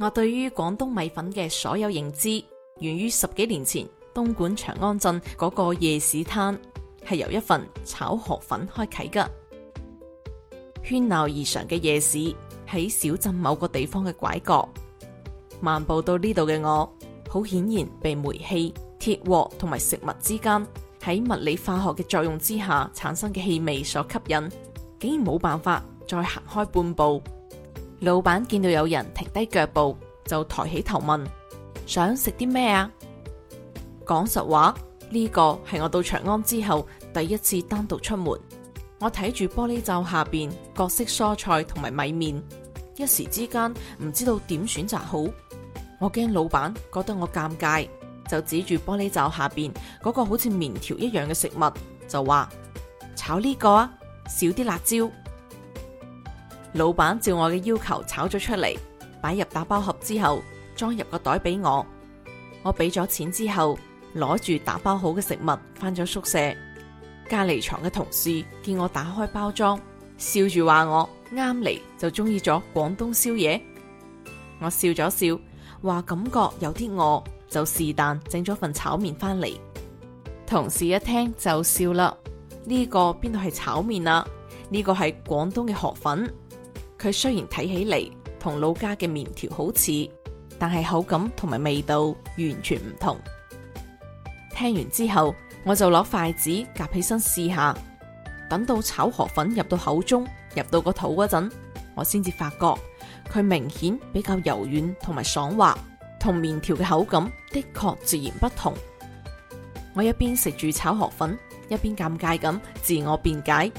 我對於廣東米粉嘅所有認知，源於十幾年前東莞長安鎮嗰個夜市攤，係由一份炒河粉開啟嘅。喧鬧異常嘅夜市喺小鎮某個地方嘅拐角，漫步到呢度嘅我，好顯然被煤氣、鐵鍋同埋食物之間喺物理化學嘅作用之下產生嘅氣味所吸引，竟然冇辦法再行開半步。老闆見到有人停低腳步，就抬起頭問：想食啲咩啊？講實話，呢個係我到長安之後第一次單獨出門。我睇住玻璃罩下邊各式蔬菜同埋米麵，一時之間唔知道點選擇好。我驚老闆覺得我尷尬，就指住玻璃罩下邊嗰個好似麵條一樣嘅食物，就話炒呢個啊，少啲辣椒。老闆照我嘅要求炒咗出嚟，擺入打包盒之後，裝入個袋俾我。我俾咗錢之後，攞住打包好嘅食物翻咗宿舍。隔籬床嘅同事見我打開包裝，笑住話我啱嚟就中意咗廣東宵夜。我笑咗笑，話感覺有啲餓，就是但整咗份炒麵翻嚟。同事一聽就笑啦，呢個邊度係炒麵啊？呢個係廣東嘅河粉。佢雖然睇起嚟同老家嘅麵條好似，但係口感同埋味道完全唔同。聽完之後，我就攞筷子夾起身試下。等到炒河粉入到口中，入到個肚嗰陣，我先至發覺佢明顯比較柔軟同埋爽滑，同麵條嘅口感的確截然不同。我一邊食住炒河粉，一邊尷尬咁自我辯解。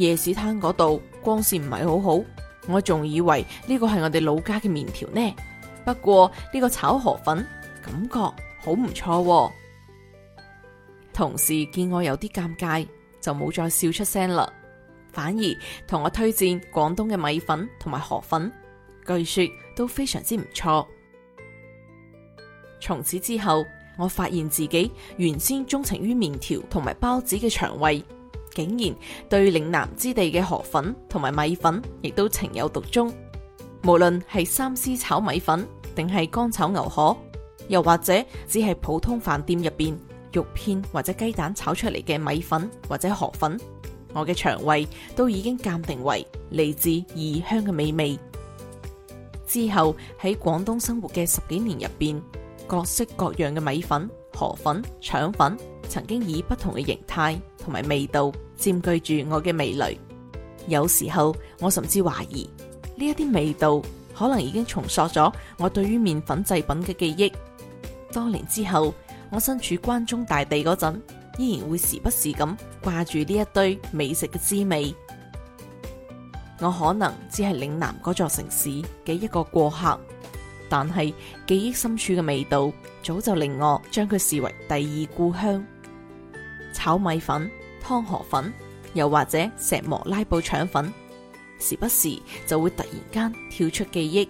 夜市攤嗰度光線唔係好好，我仲以為呢個係我哋老家嘅麵條呢。不過呢個炒河粉感覺好唔錯。同事見我有啲尷尬，就冇再笑出聲啦，反而同我推薦廣東嘅米粉同埋河粉，據說都非常之唔錯。從此之後，我發現自己原先鐘情於麵條同埋包子嘅腸胃。竟然對嶺南之地嘅河粉同埋米粉亦都情有獨鍾，無論係三絲炒米粉，定係乾炒牛河，又或者只係普通飯店入邊肉片或者雞蛋炒出嚟嘅米粉或者河粉，我嘅腸胃都已經鑒定為嚟自異鄉嘅美味。之後喺廣東生活嘅十幾年入邊，各式各樣嘅米粉、河粉、腸粉。曾經以不同嘅形態同埋味道佔據住我嘅味蕾，有時候我甚至懷疑呢一啲味道可能已經重塑咗我對於麵粉製品嘅記憶。多年之後，我身處關中大地嗰陣，依然會時不時咁掛住呢一堆美食嘅滋味。我可能只係嶺南嗰座城市嘅一個過客，但係記憶深處嘅味道早就令我將佢視為第二故鄉。炒米粉、湯河粉，又或者石磨拉布腸粉，時不時就會突然間跳出記憶，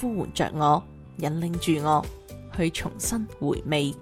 呼喚着我，引領住我去重新回味。